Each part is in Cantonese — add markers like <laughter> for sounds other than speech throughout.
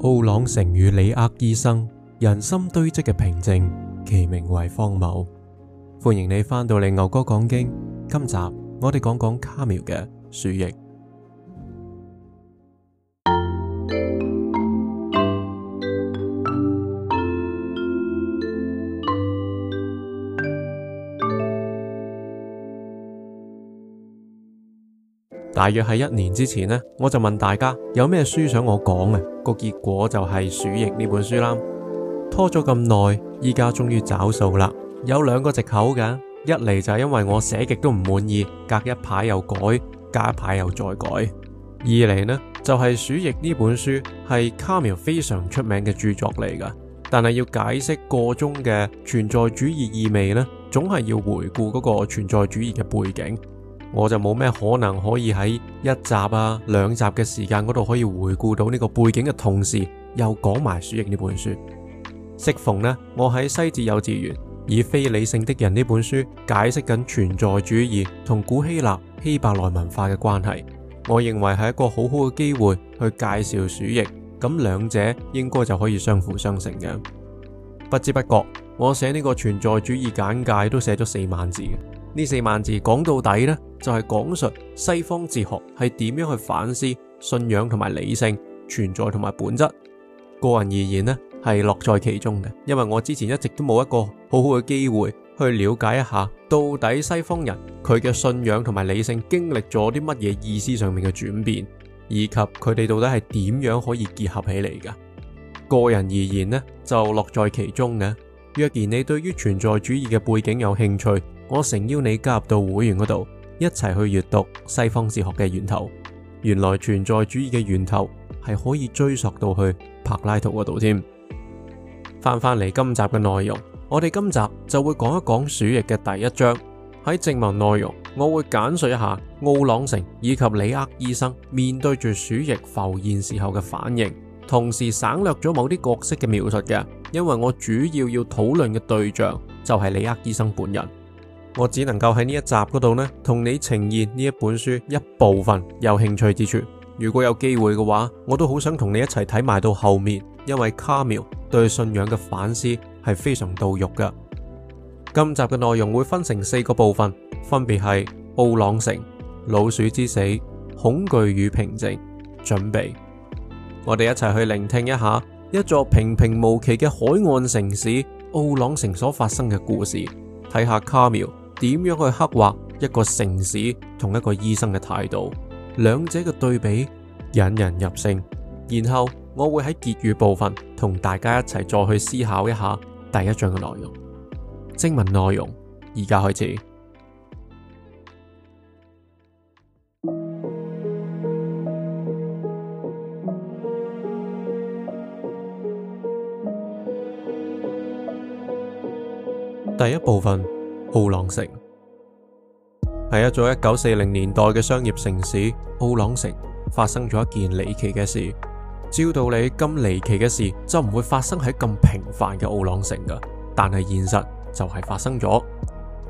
奧朗城與里厄醫生，人心堆積嘅平靜，其名為荒謬。歡迎你翻到嚟牛哥講經，今集我哋講講卡繆嘅鼠疫。大約喺一年之前咧，我就問大家有咩書想我講啊？個結果就係《鼠疫》呢本書啦。拖咗咁耐，而家終於找數啦。有兩個借口嘅：一嚟就係因為我寫極都唔滿意，隔一排又改，隔一排又再改；二嚟呢，就係《鼠疫》呢本書係卡繆非常出名嘅著作嚟噶，但係要解釋個中嘅存在主義意味呢，總係要回顧嗰個存在主義嘅背景。我就冇咩可能可以喺一集啊、兩集嘅時間嗰度可以回顧到呢個背景嘅同時，又講埋《鼠疫》呢本書。適逢呢，我喺西哲幼稚園以《非理性的人》呢本書解釋緊存在主義同古希臘希伯來文化嘅關係，我認為係一個好好嘅機會去介紹《鼠疫》，咁兩者應該就可以相輔相成嘅。不知不覺，我寫呢個存在主義簡介都寫咗四萬字。呢四萬字講到底呢就係講述西方哲學係點樣去反思信仰同埋理性、存在同埋本質。個人而言呢係樂在其中嘅，因為我之前一直都冇一個好好嘅機會去了解一下到底西方人佢嘅信仰同埋理性經歷咗啲乜嘢意思上面嘅轉變，以及佢哋到底係點樣可以結合起嚟嘅。個人而言呢就樂在其中嘅。若然你對於存在主義嘅背景有興趣，我誠邀你加入到會員嗰度一齊去閱讀西方哲學嘅源頭。原來存在主義嘅源頭係可以追溯到去柏拉圖嗰度添。翻翻嚟今集嘅內容，我哋今集就會講一講鼠疫嘅第一章。喺正文內容，我會簡述一下奧朗城以及里厄醫生面對住鼠疫浮現時候嘅反應，同時省略咗某啲角色嘅描述嘅，因為我主要要討論嘅對象就係里厄醫生本人。我只能夠喺呢一集嗰度呢，同你呈現呢一本書一部分有興趣之處。如果有機會嘅話，我都好想同你一齊睇埋到後面，因為卡繆對信仰嘅反思係非常到肉嘅。今集嘅內容會分成四個部分，分別係奧朗城、老鼠之死、恐懼與平靜、準備。我哋一齊去聆聽一下一座平平無奇嘅海岸城市奧朗城所發生嘅故事，睇下卡繆。點樣去刻畫一個城市同一個醫生嘅態度？兩者嘅對比引人入勝。然後我會喺結語部分同大家一齊再去思考一下第一章嘅內容。正文內容，而家開始。第一部分。奧朗城係一座一九四零年代嘅商業城市。奧朗城發生咗一件離奇嘅事。照道理咁離奇嘅事就唔會發生喺咁平凡嘅奧朗城㗎，但係現實就係發生咗。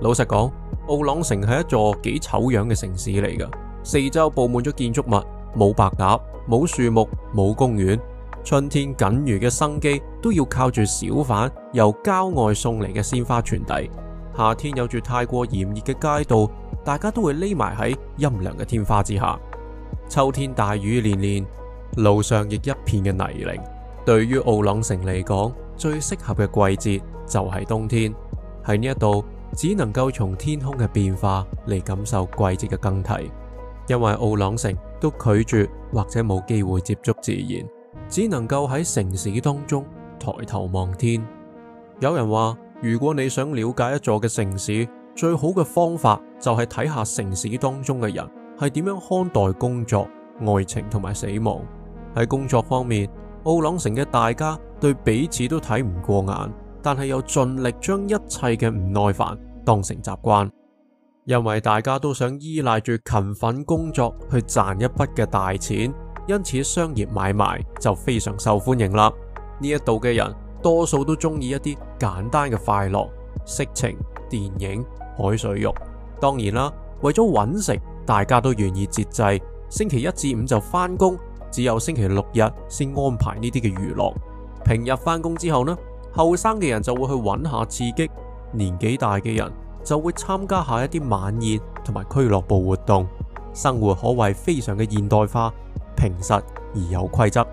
老實講，奧朗城係一座幾醜樣嘅城市嚟㗎，四周布滿咗建築物，冇白鴿，冇樹木，冇公園。春天僅餘嘅生機都要靠住小販由郊外送嚟嘅鮮花傳遞。夏天有住太過炎熱嘅街道，大家都會匿埋喺陰涼嘅天花之下。秋天大雨連連，路上亦一片嘅泥濘。對於奧朗城嚟講，最適合嘅季節就係冬天。喺呢一度，只能夠從天空嘅變化嚟感受季節嘅更替。因為奧朗城都拒絕或者冇機會接觸自然，只能夠喺城市當中抬頭望天。有人話。如果你想了解一座嘅城市，最好嘅方法就係睇下城市當中嘅人係點樣看待工作、愛情同埋死亡。喺工作方面，奧朗城嘅大家對彼此都睇唔過眼，但係又盡力將一切嘅唔耐煩當成習慣，因為大家都想依賴住勤奮工作去賺一筆嘅大錢，因此商業買賣就非常受歡迎啦。呢一度嘅人，多數都中意一啲簡單嘅快樂、色情、電影、海水浴。當然啦，為咗揾食，大家都願意節制。星期一至五就翻工，只有星期六日先安排呢啲嘅娛樂。平日翻工之後呢，後生嘅人就會去揾下刺激，年紀大嘅人就會參加下一啲晚宴同埋俱樂部活動。生活可謂非常嘅現代化、平實而有規則。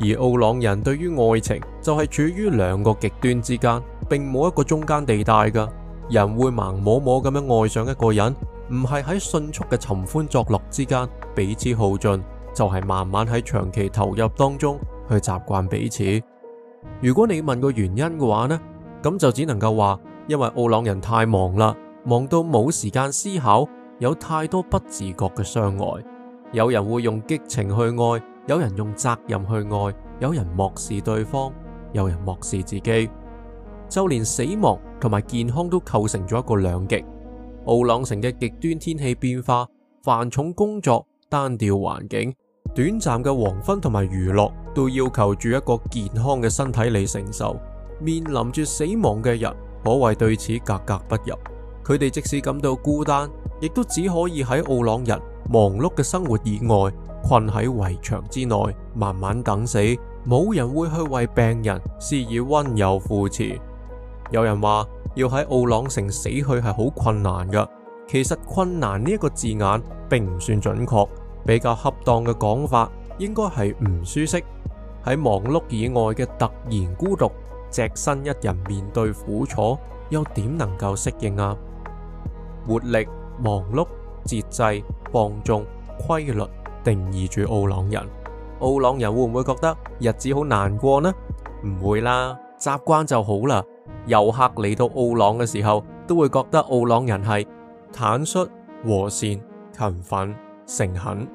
而奧朗人對於愛情就係處於兩個極端之間，並冇一個中間地帶嘅人會盲摸摸咁樣愛上一個人，唔係喺迅速嘅尋歡作樂之間彼此耗盡，就係慢慢喺長期投入當中去習慣彼此。如果你問個原因嘅話呢，咁就只能夠話因為奧朗人太忙啦，忙到冇時間思考，有太多不自覺嘅相愛。有人會用激情去愛。有人用責任去愛，有人漠視對方，有人漠視自己，就連死亡同埋健康都構成咗一個兩極。奧朗城嘅極端天氣變化、繁重工作、單調環境、短暫嘅黃昏同埋娛樂，都要求住一個健康嘅身體嚟承受。面臨住死亡嘅人，可謂對此格格不入。佢哋即使感到孤單，亦都只可以喺奧朗人。忙碌嘅生活以外，困喺圍牆之內，慢慢等死，冇人會去為病人施以溫柔扶持。有人話要喺奧朗城死去係好困難嘅，其實困難呢一個字眼並唔算準確，比較恰當嘅講法應該係唔舒適。喺忙碌以外嘅突然孤獨，隻身一人面對苦楚，又點能夠適應啊？活力忙碌。節制、放縱、規律，定義住奧朗人。奧朗人會唔會覺得日子好難過呢？唔會啦，習慣就好啦。遊客嚟到奧朗嘅時候，都會覺得奧朗人係坦率、和善、勤奮、誠懇。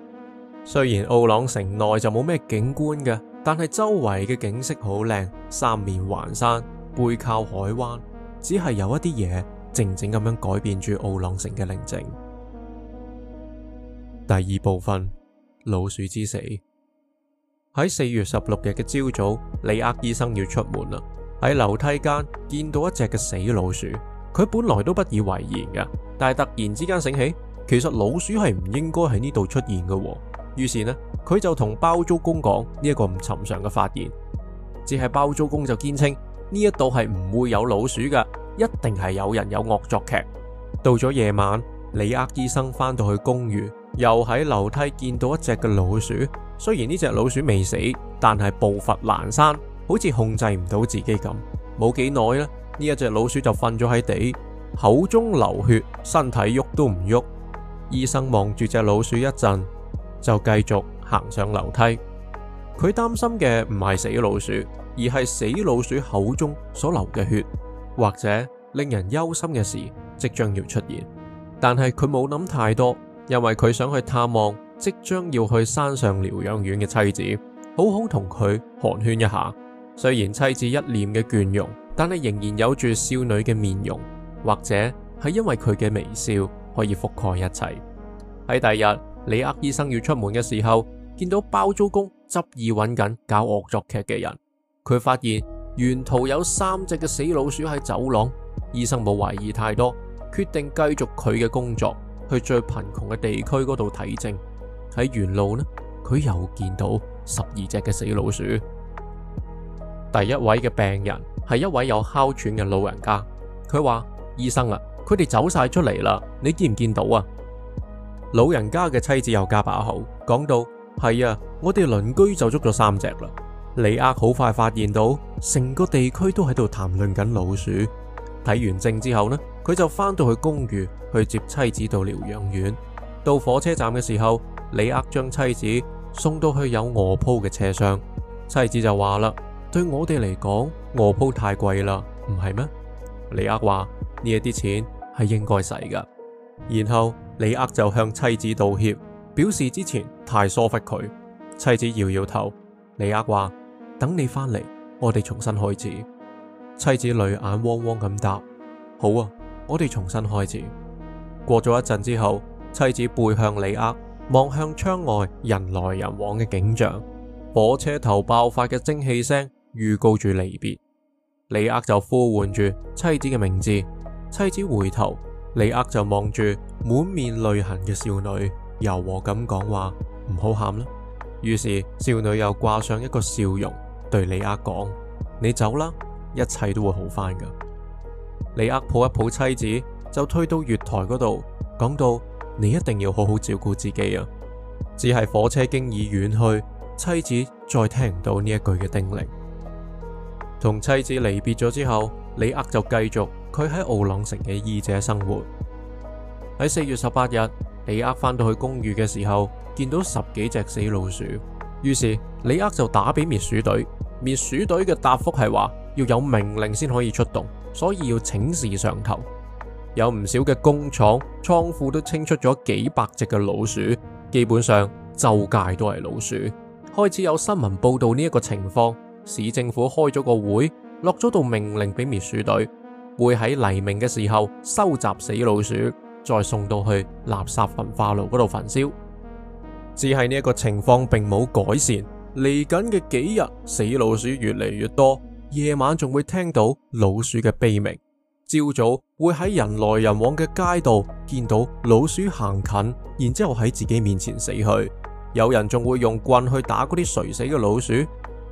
雖然奧朗城內就冇咩景觀嘅，但係周圍嘅景色好靚，三面環山，背靠海灣，只係有一啲嘢靜靜咁樣改變住奧朗城嘅寧靜。第二部分，老鼠之死。喺四月十六日嘅朝早，里厄醫生要出門啦。喺樓梯間見到一隻嘅死老鼠，佢本來都不以為然嘅，但係突然之間醒起，其實老鼠係唔應該喺呢度出現嘅喎。於是呢，佢就同包租公講呢一個唔尋常嘅發現。只係包租公就堅稱呢一度係唔會有老鼠噶，一定係有人有惡作劇。到咗夜晚，里厄醫生翻到去公寓。又喺樓梯見到一隻嘅老鼠，雖然呢隻老鼠未死，但係步伐蹣跚，好似控制唔到自己咁。冇幾耐呢，呢一隻老鼠就瞓咗喺地，口中流血，身體喐都唔喐。醫生望住隻老鼠一陣，就繼續行上樓梯。佢擔心嘅唔係死老鼠，而係死老鼠口中所流嘅血，或者令人憂心嘅事即將要出現。但係佢冇諗太多。因為佢想去探望即將要去山上療養院嘅妻子，好好同佢寒暄一下。雖然妻子一臉嘅倦容，但係仍然有住少女嘅面容，或者係因為佢嘅微笑可以覆蓋一切。喺第二日，里厄醫生要出門嘅時候，見到包租公執意揾緊搞惡作劇嘅人。佢發現沿途有三隻嘅死老鼠喺走廊。醫生冇懷疑太多，決定繼續佢嘅工作。去最貧窮嘅地區嗰度睇症，喺沿路呢，佢又見到十二隻嘅死老鼠。第一位嘅病人係一位有哮喘嘅老人家，佢話：醫生啊，佢哋走晒出嚟啦，你見唔見到啊？老人家嘅妻子又加把口講到：係啊，我哋鄰居就捉咗三隻啦。里厄好快發現到，成個地區都喺度談論緊老鼠。睇完症之後呢？佢就返到去公寓去接妻子到療養院。到火車站嘅時候，里厄將妻子送到去有卧鋪嘅車廂。妻子就話啦：對我哋嚟講，卧鋪太貴啦，唔係咩？里厄話：呢一啲錢係應該使㗎。然後里厄就向妻子道歉，表示之前太疏忽佢。妻子搖搖頭。里厄話：等你翻嚟，我哋重新開始。妻子淚眼汪汪咁答：好啊。我哋重新開始。過咗一陣之後，妻子背向里厄，望向窗外人來人往嘅景象，火車頭爆發嘅蒸汽聲預告住離別。里厄就呼喚住妻子嘅名字，妻子回頭，里厄就望住滿面淚痕嘅少女，柔和咁講話：唔好喊啦。於是少女又掛上一個笑容，對里厄講：你走啦，一切都會好返㗎。里厄抱一抱妻子，就推到月台嗰度，講到你一定要好好照顧自己啊！只係火車經已遠去，妻子再聽唔到呢一句嘅叮嚀。同妻子離別咗之後，里厄就繼續佢喺奧朗城嘅醫者生活。喺四月十八日，里厄翻到去公寓嘅時候，見到十幾隻死老鼠，於是里厄就打俾滅鼠隊，滅鼠隊嘅答覆係話要有命令先可以出動。所以要請示上頭，有唔少嘅工廠倉庫都清出咗幾百隻嘅老鼠，基本上周街都係老鼠。開始有新聞報道呢一個情況，市政府開咗個會，落咗道命令俾滅鼠隊，會喺黎明嘅時候收集死老鼠，再送到去垃圾焚化爐嗰度焚燒。只係呢一個情況並冇改善，嚟緊嘅幾日死老鼠越嚟越多。夜晚仲會聽到老鼠嘅悲鳴，朝早會喺人來人往嘅街道見到老鼠行近，然之後喺自己面前死去。有人仲會用棍去打嗰啲垂死嘅老鼠，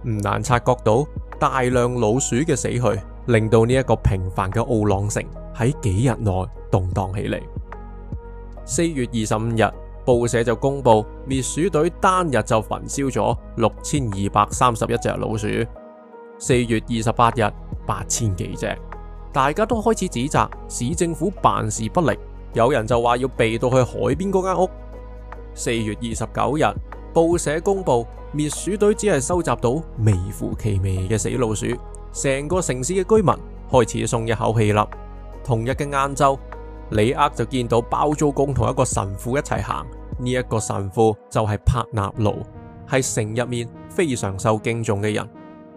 唔難察覺到大量老鼠嘅死去，令到呢一個平凡嘅奧朗城喺幾日內動盪起嚟。四月二十五日，報社就公布滅鼠隊單日就焚燒咗六千二百三十一隻老鼠。四月二十八日，八千幾隻，大家都開始指責市政府辦事不力。有人就話要避到去海邊嗰間屋。四月二十九日，報社公布滅鼠隊只係收集到微乎其微嘅死老鼠，成個城市嘅居民開始鬆一口氣啦。同日嘅晏晝，里厄就見到包租公同一個神父一齊行，呢一個神父就係帕納盧，係城入面非常受敬重嘅人。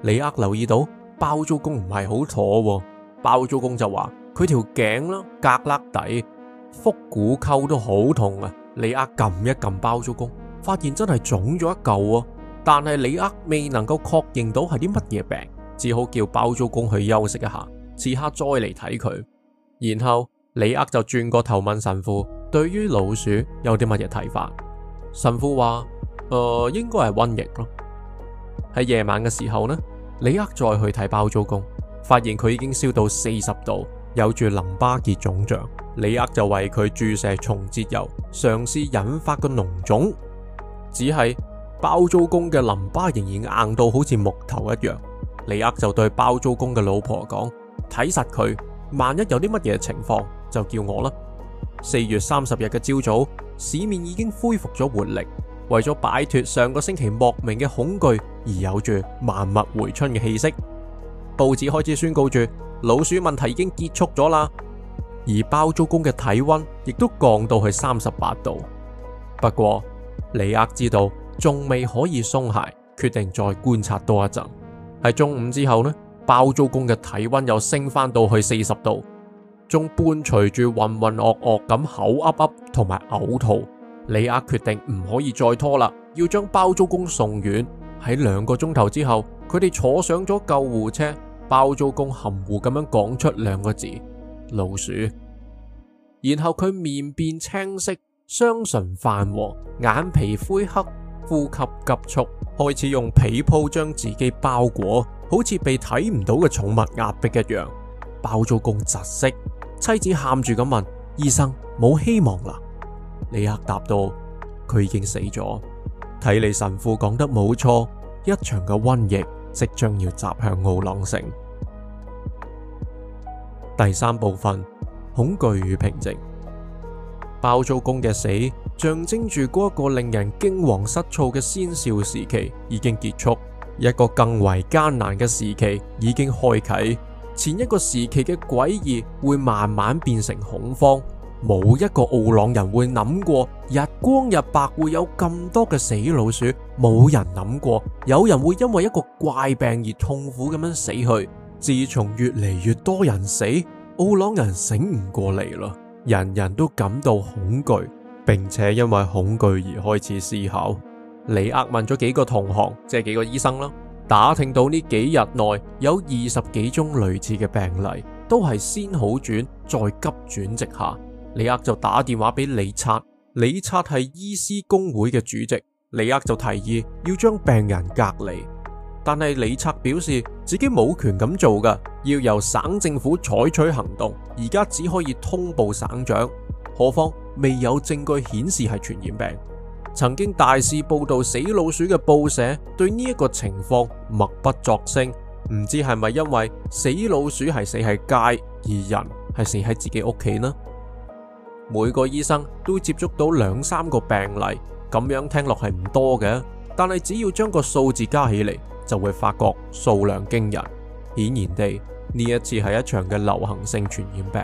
里厄留意到包租公唔係好妥喎，啊，包租公就話佢條頸啦胳肋底，腹股溝都好痛啊！里厄撳一撳包租公，發現真係腫咗一嚿啊！但係里厄未能夠確認到係啲乜嘢病，只好叫包租公去休息一下，次刻再嚟睇佢。然後里厄就轉過頭問神父：對於老鼠有啲乜嘢睇法？神父話：誒、呃，應該係瘟疫咯，喺夜晚嘅時候呢？李里厄再去睇包租公，發現佢已經燒到四十度，有住淋巴結腫脹。李里厄就為佢注射松節油，嘗試引發個膿腫。只係包租公嘅淋巴仍然硬到好似木頭一樣。李里厄就對包租公嘅老婆講：睇實佢，萬一有啲乜嘢情況，就叫我啦。四月三十日嘅朝早，市面已經恢復咗活力。為咗擺脫上個星期莫名嘅恐懼而有住萬物回春嘅氣息，報紙開始宣告住老鼠問題已經結束咗啦。而包租公嘅體溫亦都降到去三十八度。不過里厄知道仲未可以鬆懈，決定再觀察多一陣。喺中午之後呢，包租公嘅體溫又升返到去四十度，仲伴隨住渾渾噩噩咁口噏噏同埋嘔吐。里厄決定唔可以再拖啦，要將包租公送院。喺兩個鐘頭之後，佢哋坐上咗救護車，包租公含糊咁樣講出兩個字：老鼠。然後佢面變青色，雙唇泛黃，眼皮灰黑，呼吸急促，開始用被鋪將自己包裹，好似被睇唔到嘅寵物壓迫一樣。包租公窒息，妻子喊住咁問醫生：冇希望啦。李克答道：佢已經死咗。睇嚟神父講得冇錯，一場嘅瘟疫即將要襲向奧朗城。第三部分：恐懼與平靜。包租公嘅死象徵住嗰一個令人驚惶失措嘅先兆時期已經結束，一個更為艱難嘅時期已經開啟。前一個時期嘅詭異會慢慢變成恐慌。冇一個奧朗人會諗過日光日白會有咁多嘅死老鼠，冇人諗過有人會因為一個怪病而痛苦咁樣死去。自從越嚟越多人死，奧朗人醒唔過嚟啦，人人都感到恐懼，並且因為恐懼而開始思考。里厄問咗幾個同行，即係幾個醫生啦，打聽到呢幾日內有二十幾宗類似嘅病例，都係先好轉再急轉直下。里厄就打電話俾李察，李察係醫師工會嘅主席。里厄就提議要將病人隔離，但係李察表示自己冇權咁做嘅，要由省政府採取行動。而家只可以通報省長，何況未有證據顯示係傳染病。曾經大肆報道死老鼠嘅報社對呢一個情況默不作聲，唔知係咪因為死老鼠係死喺街，而人係死喺自己屋企呢？每個醫生都接觸到兩三個病例，咁樣聽落係唔多嘅，但係只要將個數字加起嚟，就會發覺數量驚人。顯然地，呢一次係一場嘅流行性傳染病。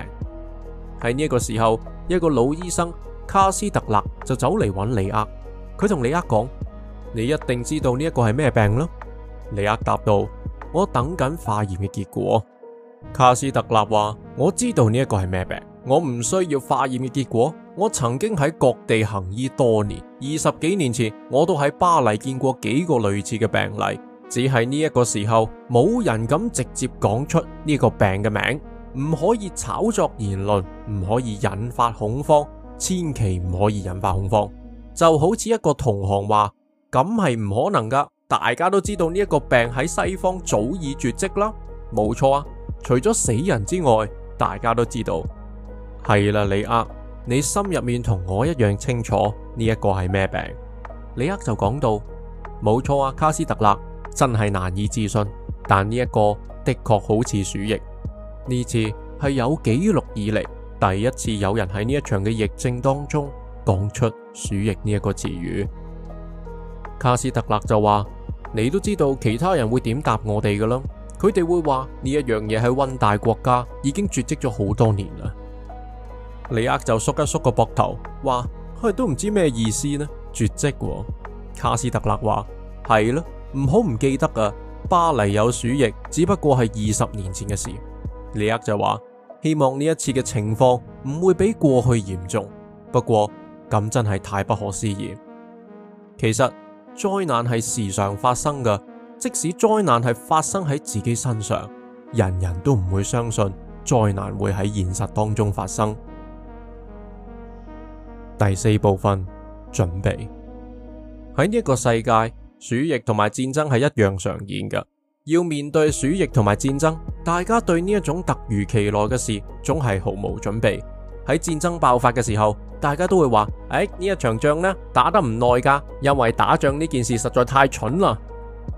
喺呢一個時候，一個老醫生卡斯特納就走嚟揾里厄，佢同里厄講：你一定知道呢一個係咩病囉。里厄答道：我等緊化驗嘅結果。卡斯特納話：我知道呢一個係咩病。我唔需要化驗嘅結果。我曾經喺各地行醫多年，二十幾年前，我都喺巴黎見過幾個類似嘅病例。只係呢一個時候，冇人敢直接講出呢個病嘅名，唔可以炒作言論，唔可以引發恐慌，千祈唔可以引發恐慌。就好似一個同行話，咁係唔可能㗎。大家都知道呢一個病喺西方早已絕迹啦，冇錯啊。除咗死人之外，大家都知道。係啦，里厄，你心入面同我一樣清楚呢一個係咩病？里厄就講到，冇錯啊，卡斯特勒，真係難以置信。但呢一個的確好似鼠疫。呢次係有紀錄以嚟第一次有人喺呢一場嘅疫症當中講出鼠疫呢一個詞語。卡斯特勒就話：你都知道其他人會點答我哋噶啦，佢哋會話呢一樣嘢喺溫帶國家已經絕跡咗好多年啦。里厄就縮一縮個膊頭，話：佢都唔知咩意思呢？絕迹啊。卡斯特勒話：係咯，唔好唔記得啊！巴黎有鼠疫，只不過係二十年前嘅事。里厄就話：希望呢一次嘅情況唔會比過去嚴重。不過咁真係太不可思議。其實災難係時常發生嘅，即使災難係發生喺自己身上，人人都唔會相信災難會喺現實當中發生。第四部分，準備。喺呢個世界，鼠疫同埋戰爭係一樣常見嘅。要面對鼠疫同埋戰爭，大家對呢一種突如其來嘅事總係毫無準備。喺戰爭爆發嘅時候，大家都會話：誒、欸，呢一場仗呢打得唔耐噶，因為打仗呢件事實在太蠢啦。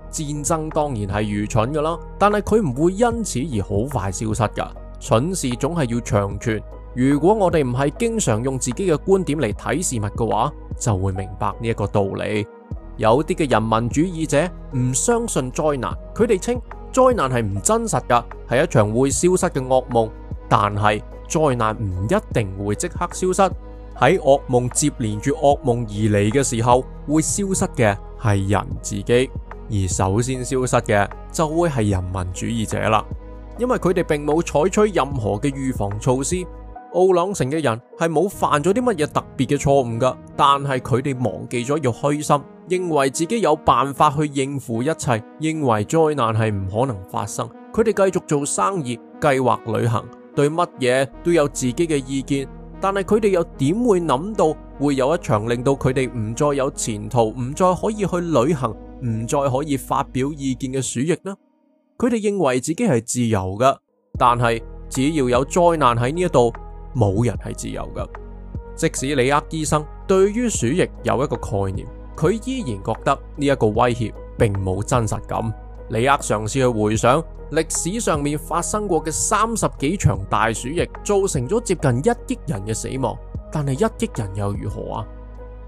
戰爭當然係愚蠢噶啦，但係佢唔會因此而好快消失噶。蠢事總係要長存。如果我哋唔係經常用自己嘅觀點嚟睇事物嘅話，就會明白呢一個道理。有啲嘅人民主義者唔相信災難，佢哋稱災難係唔真實㗎，係一場會消失嘅噩夢。但係災難唔一定會即刻消失。喺噩夢接連住噩夢而嚟嘅時候，會消失嘅係人自己，而首先消失嘅就會係人民主義者啦，因為佢哋並冇採取任何嘅預防措施。奧朗城嘅人係冇犯咗啲乜嘢特別嘅錯誤噶，但係佢哋忘記咗要虛心，認為自己有辦法去應付一切，認為災難係唔可能發生。佢哋繼續做生意、計劃旅行，對乜嘢都有自己嘅意見。但係佢哋又點會諗到會有一場令到佢哋唔再有前途、唔再可以去旅行、唔再可以發表意見嘅鼠疫呢？佢哋認為自己係自由噶，但係只要有災難喺呢一度。冇人係自由噶，即使里厄醫生對於鼠疫有一個概念，佢依然覺得呢一個威脅並冇真實感。里厄嘗試去回想歷史上面發生過嘅三十幾場大鼠疫，造成咗接近一億人嘅死亡。但係一億人又如何啊？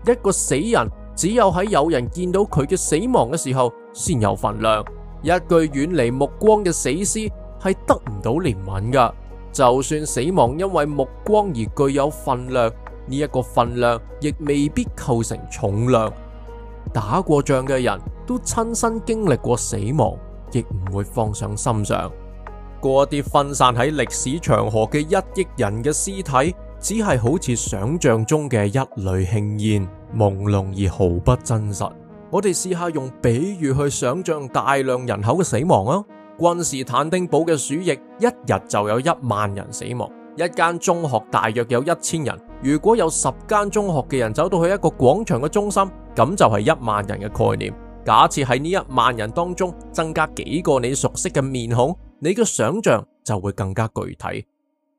一個死人只有喺有人見到佢嘅死亡嘅時候先有份量。一具遠離目光嘅死屍係得唔到憐憫噶。就算死亡因為目光而具有份量，呢一個份量亦未必構成重量。打過仗嘅人都親身經歷過死亡，亦唔會放上心上。嗰啲分散喺歷史長河嘅一億人嘅屍體，只係好似想象中嘅一縷輕煙，朦朧而毫不真實。我哋試下用比喻去想象大量人口嘅死亡啊！君士坦丁堡嘅鼠疫，一日就有一萬人死亡。一間中學大約有一千人，如果有十間中學嘅人走到去一個廣場嘅中心，咁就係一萬人嘅概念。假設喺呢一萬人當中增加幾個你熟悉嘅面孔，你嘅想象就會更加具體。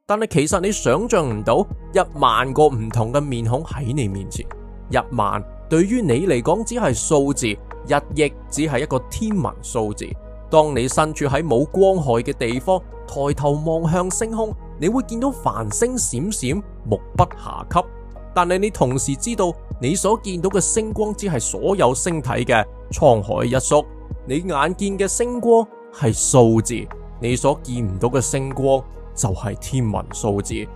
但係其實你想象唔到一萬個唔同嘅面孔喺你面前。一萬對於你嚟講只係數字，一億只係一個天文數字。當你身處喺冇光害嘅地方，抬頭望向星空，你會見到繁星閃閃，目不暇給。但係你同時知道，你所見到嘅星光只係所有星體嘅滄海一粟。你眼見嘅星光係數字，你所見唔到嘅星光就係天文數字，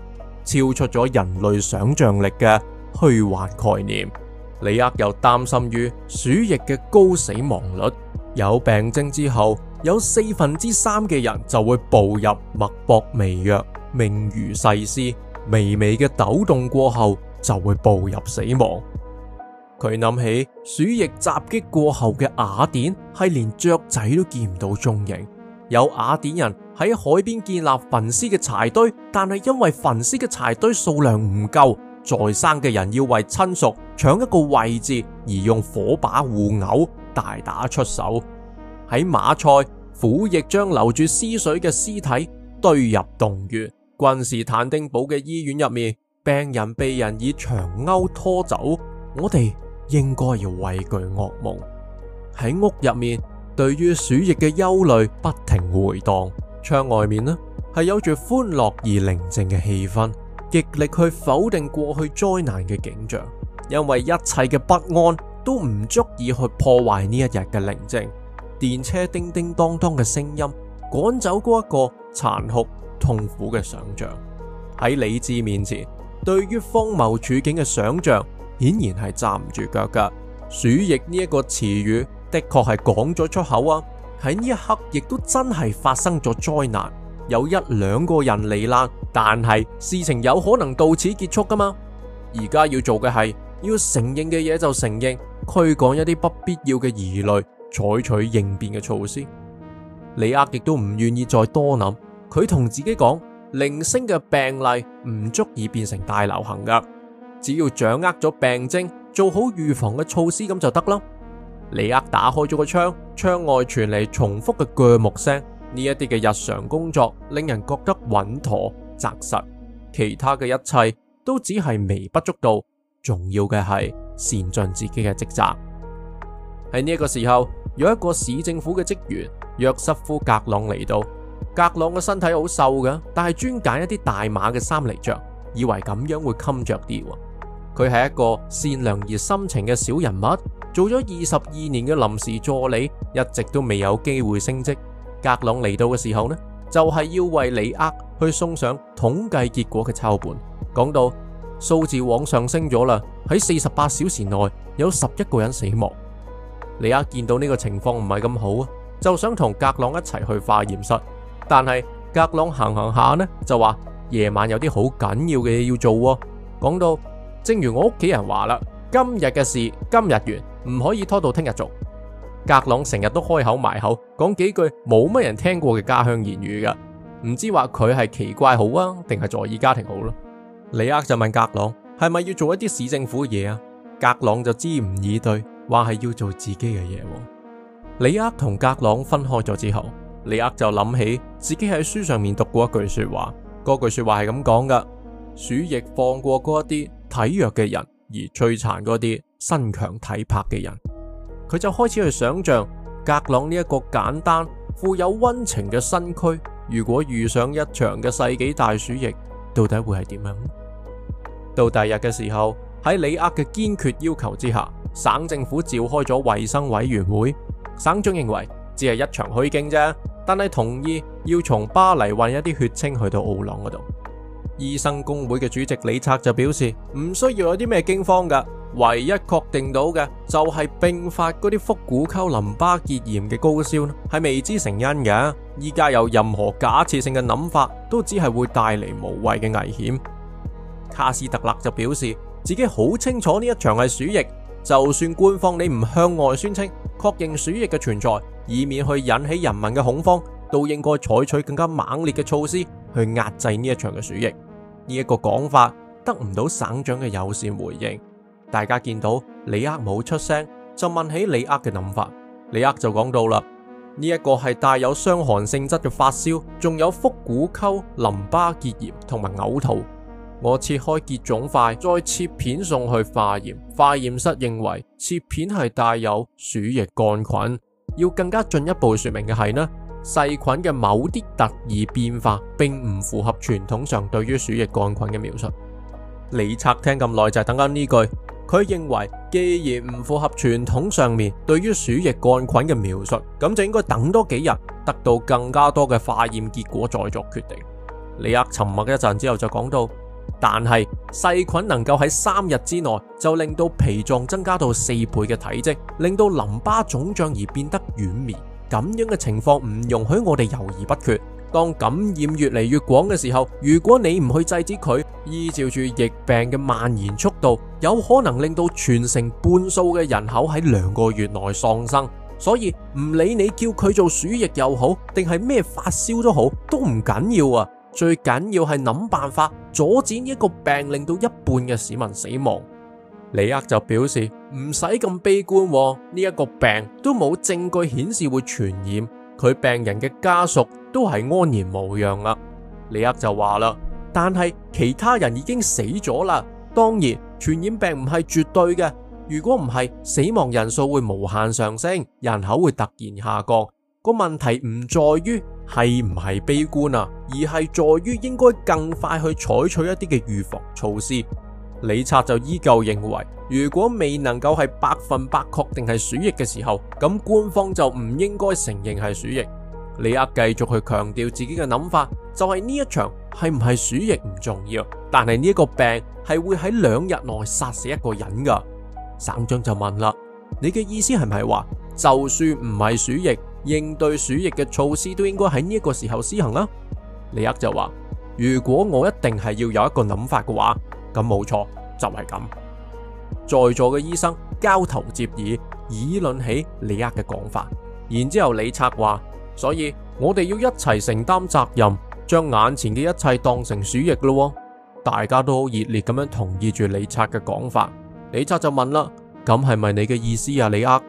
超出咗人類想象力嘅虛幻概念。里厄又擔心於鼠疫嘅高死亡率，有病徵之後，有四分之三嘅人就會步入脈搏微弱、命如細絲、微微嘅抖動過後就會步入死亡。佢諗起鼠疫襲擊過後嘅雅典係連雀仔都見唔到蹤影，有雅典人喺海邊建立焚屍嘅柴堆，但係因為焚屍嘅柴堆數量唔夠，在生嘅人要為親屬搶一個位置而用火把互毆，大打出手。.喺馬賽，苦役將留住屍水嘅屍體堆入洞穴。君士坦丁堡嘅醫院入面，病人被人以長鈎拖走。我哋應該要畏懼噩夢。喺屋入面，對於鼠疫嘅憂慮不停回蕩。窗外面呢，係有住歡樂而寧靜嘅氣氛，極力去否定過去災難嘅景象，因為一切嘅不安都唔足以去破壞呢一日嘅寧靜。電車叮叮當當嘅聲音，趕走過一個殘酷痛苦嘅想象。喺理智面前，對於荒謬處境嘅想象，顯然係站唔住腳㗎。鼠疫呢一個詞語，的確係講咗出口啊！喺呢一刻，亦都真係發生咗災難，有一兩個人罹難。但係事情有可能到此結束噶嘛？而家要做嘅係，要承認嘅嘢，就承認，驅趕一啲不必要嘅疑慮。採取應變嘅措施，里厄亦都唔願意再多諗。佢同自己講，零星嘅病例唔足以變成大流行噶，只要掌握咗病徵，做好預防嘅措施咁就得啦。里厄打開咗個窗，窗外傳嚟重複嘅鋸木聲。呢一啲嘅日常工作，令人覺得穩妥扎實。其他嘅一切都只係微不足道，重要嘅係善盡自己嘅職責。喺呢一個時候，有一個市政府嘅職員約瑟夫格朗嚟到。格朗嘅身體好瘦噶，但係專揀一啲大碼嘅衫嚟着，以為咁樣會襟着啲。佢係一個善良而深情嘅小人物，做咗二十二年嘅臨時助理，一直都未有機會升職。格朗嚟到嘅時候呢，就係、是、要為里厄去送上統計結果嘅抄本。講到數字往上升咗啦，喺四十八小時內有十一個人死亡。李厄見到呢個情況唔係咁好啊，就想同格朗一齊去化驗室，但係格朗行行下呢就話夜晚有啲好緊要嘅嘢要做喎。講到正如我屋企人話啦，今日嘅事今日完，唔可以拖到聽日做。格朗成日都開口埋口，講幾句冇乜人聽過嘅家鄉言語噶，唔知話佢係奇怪好啊，定係在意家庭好咯？里厄就問格朗係咪要做一啲市政府嘅嘢？啊格朗就支吾以對。話係要做自己嘅嘢、哦。里厄同格朗分開咗之後，里厄就諗起自己喺書上面讀過一句說話，嗰句說話係咁講噶：鼠疫放過嗰一啲體弱嘅人，而摧殘嗰啲身強體魄嘅人。佢就開始去想象格朗呢一個簡單、富有溫情嘅身軀，如果遇上一場嘅世紀大鼠疫，到底會係點樣？到第二日嘅時候，喺里厄嘅堅決要求之下。省政府召開咗衛生委員會，省長認為只係一場虛驚啫，但係同意要從巴黎運一啲血清去到奧朗嗰度。醫生工會嘅主席李策就表示，唔需要有啲咩驚慌噶，唯一確定到嘅就係併發嗰啲腹股溝淋巴結炎嘅高燒啦，係未知成因嘅。依家，有任何假設性嘅諗法，都只係會帶嚟無謂嘅危險。卡斯特勒就表示自己好清楚呢一場係鼠疫。就算官方你唔向外宣稱確認鼠疫嘅存在，以免去引起人民嘅恐慌，都應該採取更加猛烈嘅措施去壓制呢一場嘅鼠疫。呢一個講法得唔到省長嘅友善回應。大家見到里厄冇出聲，就問起里厄嘅諗法。里厄就講到啦，呢一個係帶有傷寒性質嘅發燒，仲有腹股溝淋巴結炎同埋嘔吐。我切開結腫塊，再切片送去化驗。化驗室認為切片係帶有鼠疫桿菌。要更加進一步說明嘅係呢細菌嘅某啲特異變化，並唔符合傳統上對於鼠疫桿菌嘅描述。李策聽咁耐就係等緊呢句。佢認為既然唔符合傳統上面對於鼠疫桿菌嘅描述，咁就應該等多幾日，得到更加多嘅化驗結果再作決定。里厄沉默一陣之後就講到。但係細菌能夠喺三日之內就令到脾臟增加到四倍嘅體積，令到淋巴腫脹而變得軟綿。咁樣嘅情況唔容許我哋猶豫不決。當感染越嚟越廣嘅時候，如果你唔去制止佢，依照住疫病嘅蔓延速度，有可能令到全城半數嘅人口喺兩個月內喪生。所以唔理你叫佢做鼠疫又好，定係咩發燒都好，都唔緊要啊！最緊要係諗辦法，阻止一個病令到一半嘅市民死亡。里厄就表示唔使咁悲觀，呢一個病都冇證據顯示會傳染，佢病人嘅家屬都係安然無恙啦。里厄就話啦，但係其他人已經死咗啦。當然，傳染病唔係絕對嘅，如果唔係，死亡人數會無限上升，人口會突然下降。個問題唔在於。係唔係悲觀啊？而係在於應該更快去採取一啲嘅預防措施。李策就依舊認為，如果未能夠係百分百確定係鼠疫嘅時候，咁官方就唔應該承認係鼠疫。里厄繼續去強調自己嘅諗法，就係呢一場係唔係鼠疫唔重要，但係呢個病係會喺兩日內殺死一個人噶。省長就問啦：你嘅意思係唔係話就算唔係鼠疫？應對鼠疫嘅措施都應該喺呢一個時候施行啦、啊。里厄就話：如果我一定係要有一個諗法嘅話，咁冇錯就係、是、咁。在座嘅醫生交頭接耳，議論起里厄嘅講法。然之後李策話：所以我哋要一齊承擔責任，將眼前嘅一切當成鼠疫咯。大家都好熱烈咁樣同意住李策嘅講法。李策就問啦：咁係咪你嘅意思啊？里厄？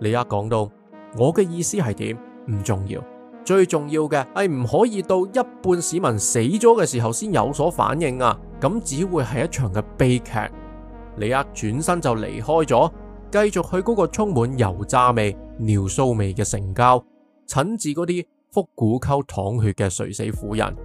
里厄講到。我嘅意思係點，唔重要，最重要嘅係唔可以到一半市民死咗嘅時候先有所反應啊。咁只會係一場嘅悲劇。里厄轉身就離開咗，繼續去嗰個充滿油渣味、尿騷味嘅城郊，診治嗰啲腹股溝淌血嘅垂死婦人。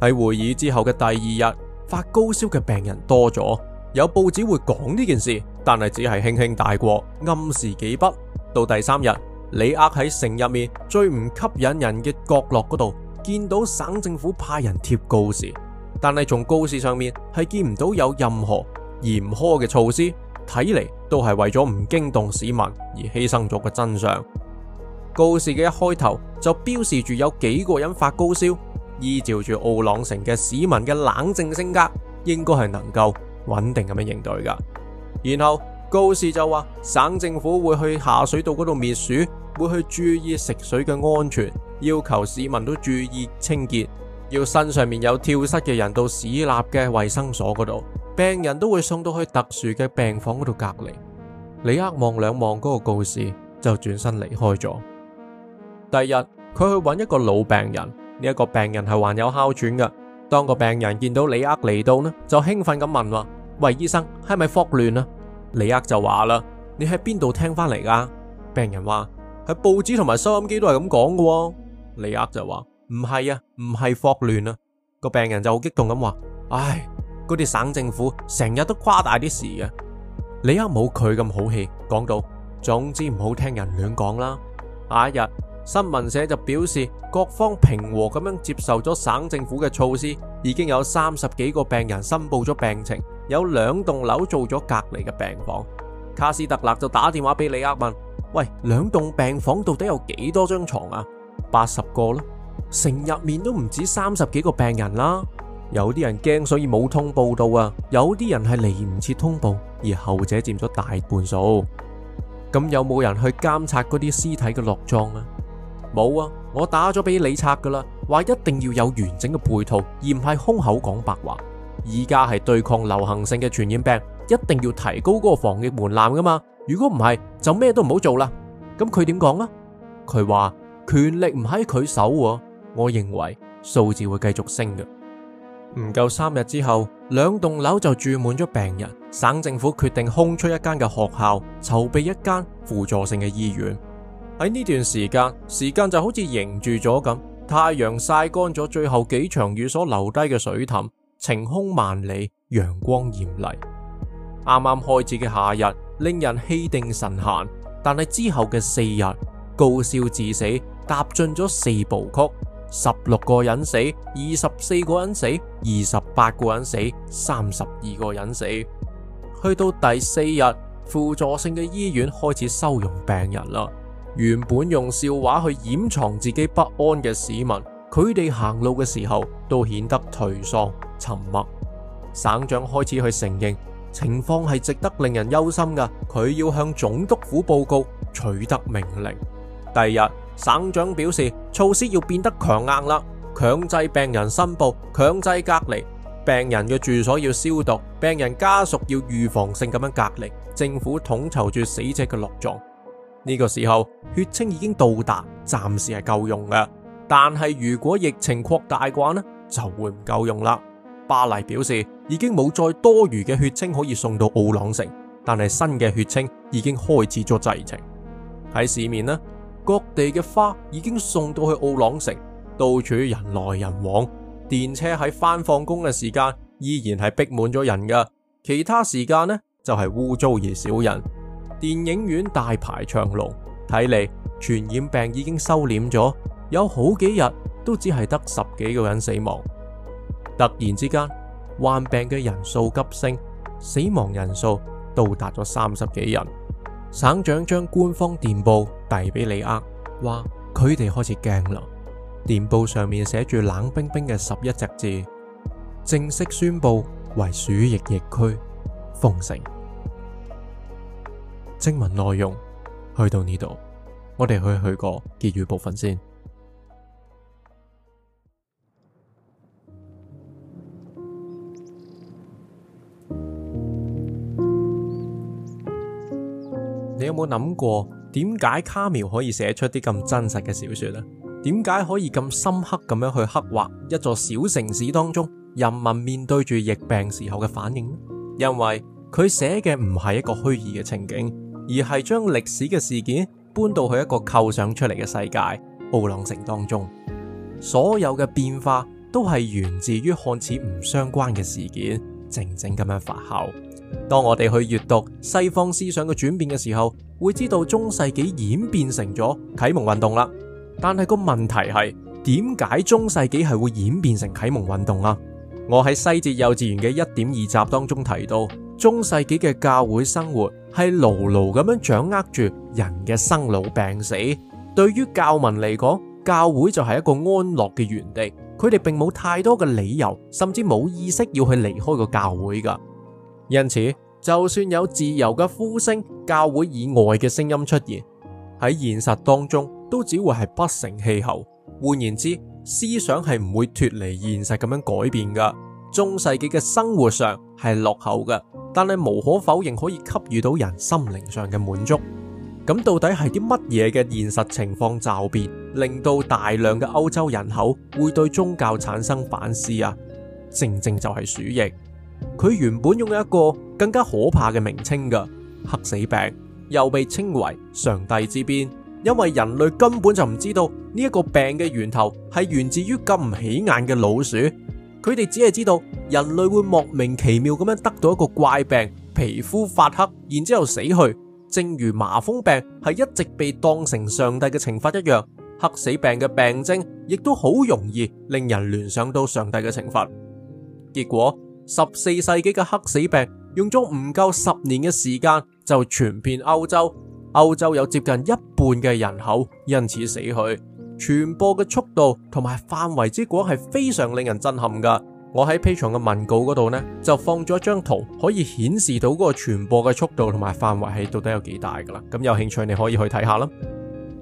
喺會議之後嘅第二日，發高燒嘅病人多咗，有報紙會講呢件事，但係只係輕輕帶過，暗示幾筆。到第三日。里厄喺城入面最唔吸引人嘅角落嗰度見到省政府派人貼告示，但係從告示上面係見唔到有任何嚴苛嘅措施，睇嚟都係為咗唔驚動市民而犧牲咗個真相。告示嘅一開頭就標示住有幾個人發高燒，依照住奧朗城嘅市民嘅冷靜性格，應該係能夠穩定咁樣應對噶。然後。告示就話，省政府會去下水道嗰度滅鼠，會去注意食水嘅安全，要求市民都注意清潔，要身上面有跳蚤嘅人到市立嘅衛生所嗰度，病人都會送到去特殊嘅病房嗰度隔離。里厄望兩望嗰個告示就轉，就轉身離開咗。第日佢去搵一個老病人，呢、這、一個病人係患有哮喘嘅。當個病人見到里厄嚟到呢，就興奮咁問話：，喂，醫生係咪霍亂啊？是里厄就話啦：，你喺邊度聽翻嚟噶？病人話：，喺報紙同埋收音機都係咁講噶喎。里厄就話：，唔係啊，唔係霍亂啊。個病人就好激動咁話：，唉，嗰啲省政府成日都誇大啲事嘅。里厄冇佢咁好氣，講到：，總之唔好聽人亂講啦。下一日，新聞社就表示，各方平和咁樣接受咗省政府嘅措施，已經有三十幾個病人申報咗病情。有兩棟樓做咗隔離嘅病房，卡斯特勒就打電話俾里厄問：喂，兩棟病房到底有幾多張床啊？八十個啦，城入面都唔止三十幾個病人啦。有啲人驚所以冇通報到啊，有啲人係嚟唔切通報，而後者佔咗大半數。咁有冇人去監察嗰啲屍體嘅落葬啊？冇啊，我打咗俾李察噶啦，話一定要有完整嘅配套，而唔係空口講白話。而家係對抗流行性嘅傳染病，一定要提高嗰個防疫門檻噶嘛。如果唔係，就咩都唔好做啦。咁佢點講啊？佢話權力唔喺佢手啊，我認為數字會繼續升嘅。唔夠三日之後，兩棟樓就住滿咗病人。省政府決定空出一間嘅學校，籌備一間輔助性嘅醫院。喺呢段時間，時間就好似凝住咗咁，太陽晒乾咗最後幾場雨所留低嘅水凼。晴空萬里，陽光艷麗，啱啱開始嘅夏日令人氣定神閒。但係之後嘅四日，高燒致死，踏進咗四部曲，十六個人死，二十四個人死，二十八個人死，三十二個人死。去到第四日，輔助性嘅醫院開始收容病人啦。原本用笑話去掩藏自己不安嘅市民，佢哋行路嘅時候都顯得頹喪。沉默。省長開始去承認情況係值得令人憂心嘅。佢要向總督府報告，取得命令。第二日，省長表示措施要變得強硬啦，強制病人申報，強制隔離，病人嘅住所要消毒，病人家屬要預防性咁樣隔離。政府統籌住死者嘅落葬。呢個時候血清已經到達，暫時係夠用嘅。但係如果疫情擴大嘅話呢，就會唔夠用啦。巴黎表示已經冇再多餘嘅血清可以送到奧朗城，但係新嘅血清已經開始咗製程。喺市面呢，各地嘅花已經送到去奧朗城，到處人來人往，電車喺返放工嘅時間依然係逼滿咗人㗎，其他時間呢就係污糟而少人。電影院大排長龍，睇嚟傳染病已經收斂咗，有好幾日都只係得十幾個人死亡。突然之間，患病嘅人數急升，死亡人數到達咗三十幾人。省長將官方電報遞俾里厄，話佢哋開始驚啦。電報上面寫住冷冰冰嘅十一隻字，正式宣布為鼠疫疫區封城。正文內容去到呢度，我哋去去個結語部分先。你有冇諗過點解卡繆可以寫出啲咁真實嘅小說呢？點解可以咁深刻咁樣去刻畫一座小城市當中人民面對住疫病時候嘅反應？因為佢寫嘅唔係一個虛擬嘅情景，而係將歷史嘅事件搬到去一個構想出嚟嘅世界——奧朗城當中，所有嘅變化都係源自於看似唔相關嘅事件，靜靜咁樣發酵。當我哋去閱讀西方思想嘅轉變嘅時候，會知道中世紀演變成咗啟蒙運動啦。但係個問題係點解中世紀係會演變成啟蒙運動啊？我喺西哲幼稚園嘅一點二集當中提到，中世紀嘅教會生活係牢牢咁樣掌握住人嘅生老病死。對於教民嚟講，教會就係一個安樂嘅園地，佢哋並冇太多嘅理由，甚至冇意識要去離開個教會噶。因此，就算有自由嘅呼聲、教會以外嘅聲音出現喺現實當中，都只會係不成氣候。換言之，思想係唔會脫離現實咁樣改變噶。中世紀嘅生活上係落後嘅，但係無可否認可以給予到人心靈上嘅滿足。咁到底係啲乜嘢嘅現實情況驟變，令到大量嘅歐洲人口會對宗教產生反思啊？正正就係鼠疫。佢原本用一個更加可怕嘅名稱噶黑死病，又被稱為上帝之鞭，因為人類根本就唔知道呢一個病嘅源頭係源自於咁唔起眼嘅老鼠，佢哋只係知道人類會莫名其妙咁樣得到一個怪病，皮膚發黑，然之後死去，正如麻風病係一直被當成上帝嘅懲罰一樣，黑死病嘅病症亦都好容易令人聯想到上帝嘅懲罰，結果。十四世紀嘅黑死病用咗唔夠十年嘅時間就傳遍歐洲，歐洲有接近一半嘅人口因此死去，傳播嘅速度同埋範圍之廣係非常令人震撼噶。我喺 Patreon 嘅文稿嗰度呢就放咗一張圖，可以顯示到嗰個傳播嘅速度同埋範圍係到底有幾大噶啦。咁有興趣你可以去睇下啦。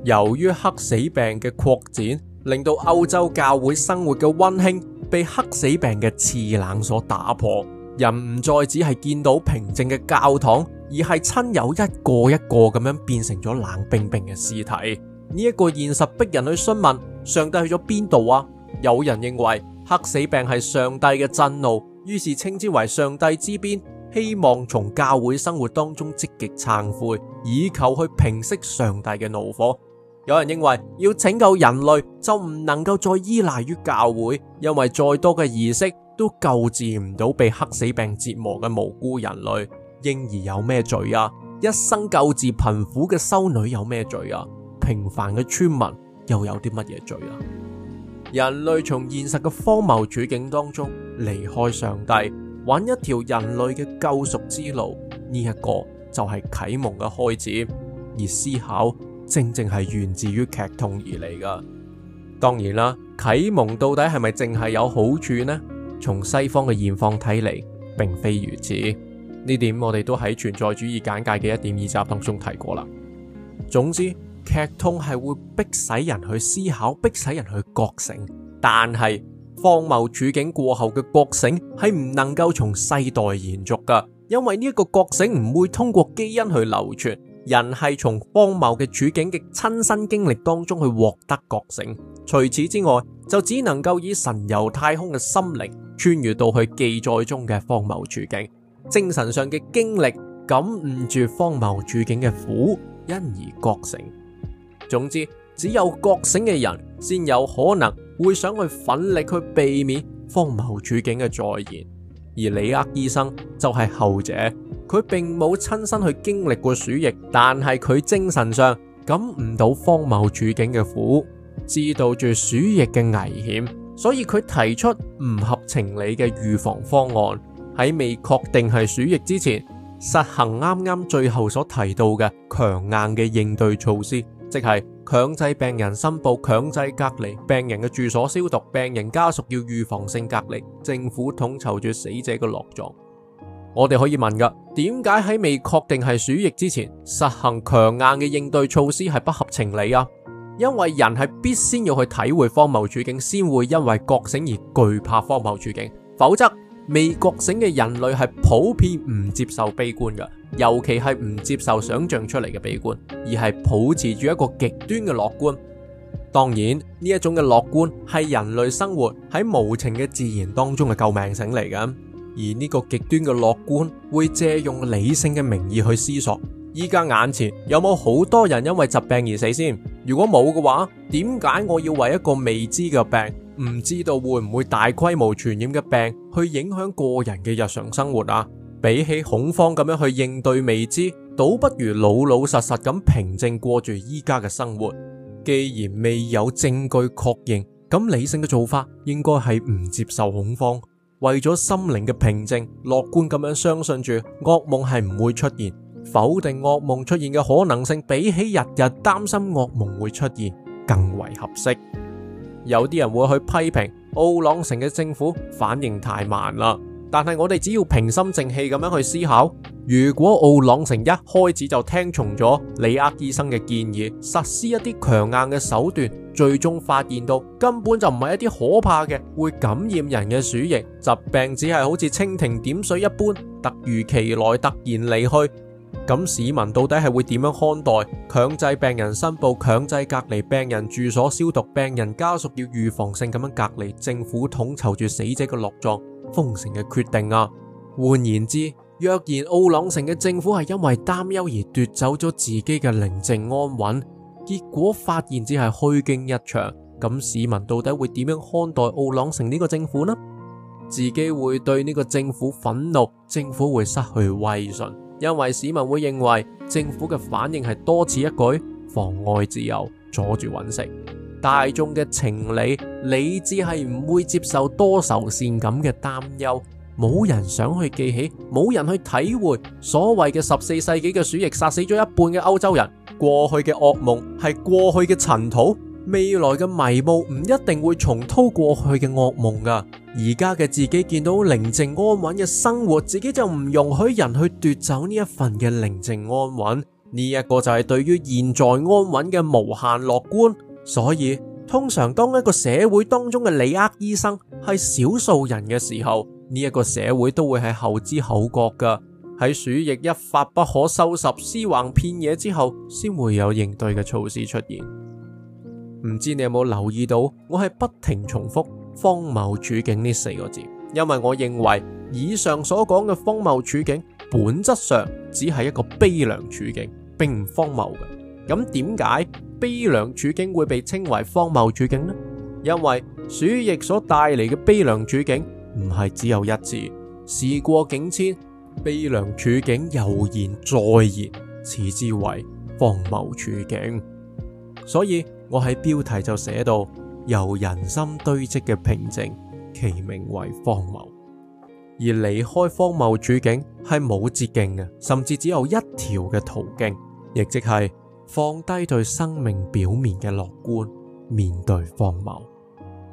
由於黑死病嘅擴展。令到歐洲教會生活嘅溫馨被黑死病嘅刺冷所打破，人唔再只係見到平靜嘅教堂，而係親友一個一個咁樣變成咗冷冰冰嘅屍體。呢一個現實逼人去詢問上帝去咗邊度啊！有人認為黑死病係上帝嘅震怒，於是稱之為上帝之鞭，希望從教會生活當中積極懺悔，以求去平息上帝嘅怒火。有人認為要拯救人類就唔能夠再依賴於教會，因為再多嘅儀式都救治唔到被黑死病折磨嘅無辜人類。嬰兒有咩罪啊？一生救治貧苦嘅修女有咩罪啊？平凡嘅村民又有啲乜嘢罪啊？人類從現實嘅荒謬處境當中離開上帝，揾一條人類嘅救贖之路，呢一個就係啟蒙嘅開始，而思考。正正係源自於劇痛而嚟噶。當然啦，啟蒙到底係咪淨係有好處呢？從西方嘅現況睇嚟，並非如此。呢點我哋都喺存在主義簡介嘅一點二集當中提過啦。總之，劇痛係會逼使人去思考，逼使人去覺醒。但係荒謬處境過後嘅覺醒係唔能夠從世代延續噶，因為呢一個覺醒唔會通過基因去流傳。人係從荒謬嘅處境嘅親身經歷當中去獲得覺醒，除此之外就只能夠以神遊太空嘅心靈穿越到去記載中嘅荒謬處境，精神上嘅經歷感悟住荒謬處境嘅苦，因而覺醒。總之，只有覺醒嘅人先有可能會想去奮力去避免荒謬處境嘅再現，而里厄醫生就係後者。佢並冇親身去經歷過鼠疫，但係佢精神上感唔到荒謬處境嘅苦，知道住鼠疫嘅危險，所以佢提出唔合情理嘅預防方案。喺未確定係鼠疫之前，實行啱啱最後所提到嘅強硬嘅應對措施，即係強制病人申報、強制隔離、病人嘅住所消毒、病人家屬要預防性隔離、政府統籌住死者嘅落葬。我哋可以問噶，點解喺未確定係鼠疫之前，實行強硬嘅應對措施係不合情理啊？因為人係必先要去體會荒謬處境，先會因為覺醒而懼怕荒謬處境。否則未覺醒嘅人類係普遍唔接受悲觀嘅，尤其係唔接受想象出嚟嘅悲觀，而係保持住一個極端嘅樂觀。當然呢一種嘅樂觀係人類生活喺無情嘅自然當中嘅救命繩嚟嘅。而呢個極端嘅樂觀會借用理性嘅名義去思索，依家眼前有冇好多人因為疾病而死先？如果冇嘅話，點解我要為一個未知嘅病，唔知道會唔會大規模傳染嘅病去影響個人嘅日常生活啊？比起恐慌咁樣去應對未知，倒不如老老實實咁平靜過住依家嘅生活。既然未有證據確認，咁理性嘅做法應該係唔接受恐慌。為咗心靈嘅平靜，樂觀咁樣相信住惡夢係唔會出現，否定惡夢出現嘅可能性，比起日日擔心惡夢會出現，更為合適。有啲人會去批評奧朗城嘅政府反應太慢啦。但係我哋只要平心靜氣咁樣去思考，如果奧朗城一開始就聽從咗里厄醫生嘅建議，實施一啲強硬嘅手段，最終發現到根本就唔係一啲可怕嘅會感染人嘅鼠疫疾病，只係好似蜻蜓點水一般，突如其來突然離去，咁市民到底係會點樣看待強制病人申報、強制隔離病人住所、消毒、病人家屬要預防性咁樣隔離、政府統籌住死者嘅落葬？封城嘅決定啊，換言之，若然奧朗城嘅政府係因為擔憂而奪走咗自己嘅寧靜安穩，結果發現只係虛驚一場，咁、嗯、市民到底會點樣看待奧朗城呢個政府呢？自己會對呢個政府憤怒，政府會失去威信，因為市民會認為政府嘅反應係多此一舉，妨礙自由，阻住搵食。大眾嘅情理理智係唔會接受多愁善感嘅擔憂，冇人想去記起，冇人去體會所謂嘅十四世紀嘅鼠疫殺死咗一半嘅歐洲人。過去嘅噩夢係過去嘅塵土，未來嘅迷霧唔一定會重蹈過去嘅噩夢噶。而家嘅自己見到寧靜安穩嘅生活，自己就唔容許人去奪走呢一份嘅寧靜安穩。呢一個就係對於現在安穩嘅無限樂觀。所以通常當一個社會當中嘅里厄醫生係少數人嘅時候，呢、這、一個社會都會係後知後覺噶喺鼠疫一發不可收拾，屍橫遍野之後，先會有應對嘅措施出現。唔知你有冇留意到，我係不停重複荒謬處境呢四個字，因為我認為以上所講嘅荒謬處境本質上只係一個悲涼處境，並唔荒謬嘅。咁點解悲涼處境會被稱為荒謬處境呢？因為鼠疫所帶嚟嘅悲涼處境唔係只有一次，事過境遷，悲涼處境猶然再現，此之為荒謬處境。所以我喺標題就寫到由人心堆積嘅平靜，其名為荒謬。而離開荒謬處境係冇捷徑嘅，甚至只有一條嘅途徑，亦即係。放低對生命表面嘅樂觀，面對荒謬。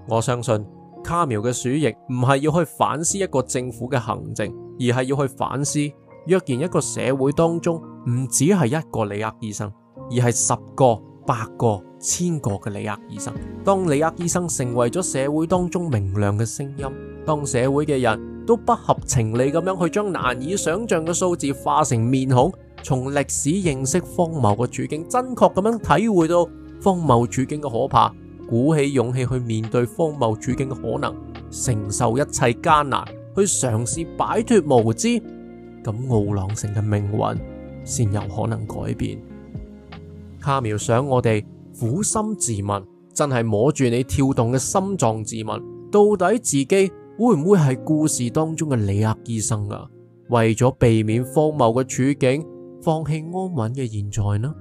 我相信卡繆嘅鼠疫唔係要去反思一個政府嘅行政，而係要去反思。若然一個社會當中唔只係一個里厄醫生，而係十個、百個、千個嘅里厄醫生，當里厄醫生成為咗社會當中明亮嘅聲音，當社會嘅人都不合情理咁樣去將難以想象嘅數字化成面孔。從歷史認識荒謬嘅處境，真確咁樣體會到荒謬處境嘅可怕，鼓起勇氣去面對荒謬處境嘅可能，承受一切艱難，去嘗試擺脫無知，咁奧朗城嘅命運先有可能改變。卡繆想我哋苦心自問，真係摸住你跳動嘅心臟自問，到底自己會唔會係故事當中嘅里厄醫生啊？為咗避免荒謬嘅處境，放棄安穩嘅現在呢？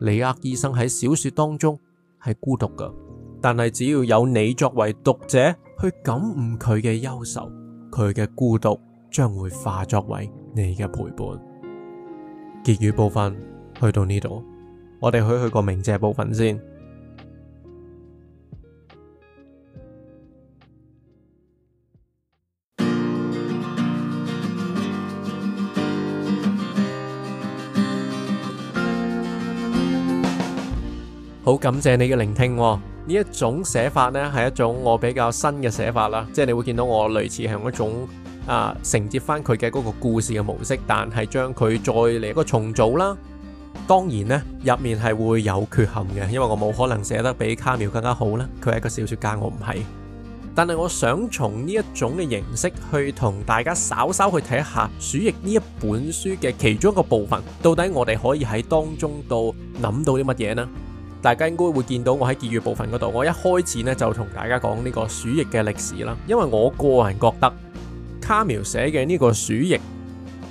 里厄醫生喺小說當中係孤獨噶，但係只要有你作為讀者去感悟佢嘅憂愁，佢嘅孤獨將會化作為你嘅陪伴。 <noise> 結語部分去到呢度，我哋去去個鳴謝部分先。好感謝你嘅聆聽。呢一種寫法呢，係一種我比較新嘅寫法啦。即係你會見到我類似係用一種啊承接翻佢嘅嗰個故事嘅模式，但係將佢再嚟一個重組啦。當然呢，入面係會有缺陷嘅，因為我冇可能寫得比卡繆更加好啦。佢係一個小說家，我唔係。但係我想從呢一種嘅形式去同大家稍稍去睇一下《鼠疫》呢一本書嘅其中一個部分，到底我哋可以喺當中度諗到啲乜嘢呢？大家應該會見到我喺結語部分嗰度，我一開始呢就同大家講呢個鼠疫嘅歷史啦。因為我個人覺得卡繆寫嘅呢個鼠疫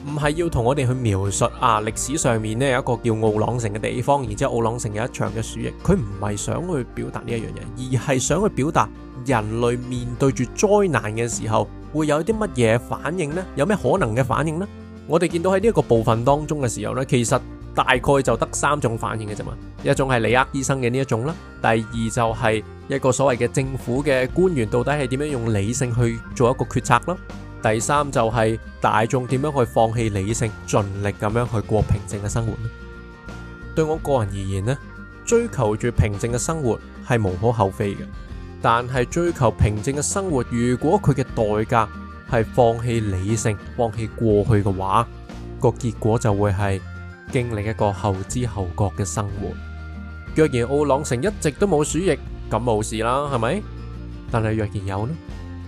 唔係要同我哋去描述啊歷史上面呢有一個叫奧朗城嘅地方，然之後奧朗城有一場嘅鼠疫，佢唔係想去表達呢一樣嘢，而係想去表達人類面對住災難嘅時候會有啲乜嘢反應呢？有咩可能嘅反應呢？我哋見到喺呢一個部分當中嘅時候呢，其實。大概就得三種反應嘅啫嘛，一種係里厄醫生嘅呢一種啦，第二就係一個所謂嘅政府嘅官員到底係點樣用理性去做一個決策啦，第三就係大眾點樣去放棄理性，盡力咁樣去過平靜嘅生活咧。對我個人而言咧，追求住平靜嘅生活係無可厚非嘅，但係追求平靜嘅生活，如果佢嘅代價係放棄理性、放棄過去嘅話，個結果就會係。經歷一個後知後覺嘅生活。若然奧朗城一直都冇鼠疫，咁冇事啦，係咪？但係若然有呢？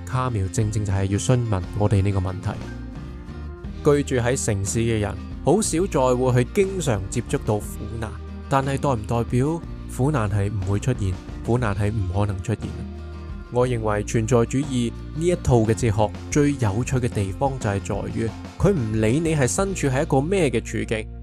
卡繆正正就係要詢問我哋呢個問題。居住喺城市嘅人好少再會去經常接觸到苦難，但係代唔代表苦難係唔會出現？苦難係唔可能出現？我認為存在主義呢一套嘅哲學最有趣嘅地方就係在於佢唔理你係身處喺一個咩嘅處境。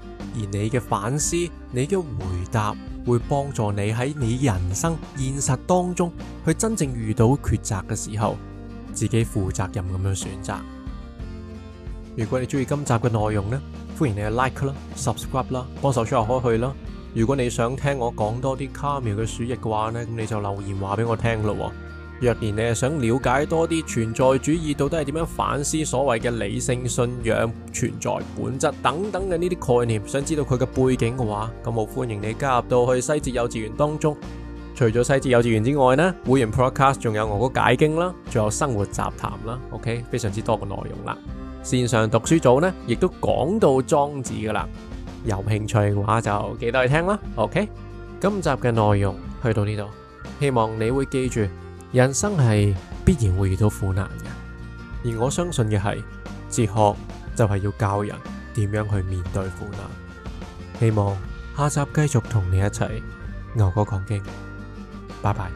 而你嘅反思，你嘅回答，會幫助你喺你人生現實當中，去真正遇到抉擇嘅時候，自己負責任咁樣選擇。如果你中意今集嘅內容呢，歡迎你嘅 like 啦，subscribe 啦，幫手 share 開去啦。如果你想聽我講多啲卡繆嘅鼠疫嘅話呢，咁你就留言話俾我聽咯。若然你係想了解多啲存在主義到底係點樣反思所謂嘅理性信仰、存在本質等等嘅呢啲概念，想知道佢嘅背景嘅話，咁我歡迎你加入到去西哲幼稚園當中。除咗西哲幼稚園之外咧，會員 Podcast 仲有我個解經啦，仲有生活雜談啦，OK，非常之多嘅內容啦。綫上讀書組呢，亦都講到莊子噶啦，有興趣嘅話就記得去聽啦。OK，今集嘅內容去到呢度，希望你會記住。人生係必然會遇到苦難嘅，而我相信嘅係，哲學就係要教人點樣去面對苦難。希望下集繼續同你一齊，牛哥講經，拜拜。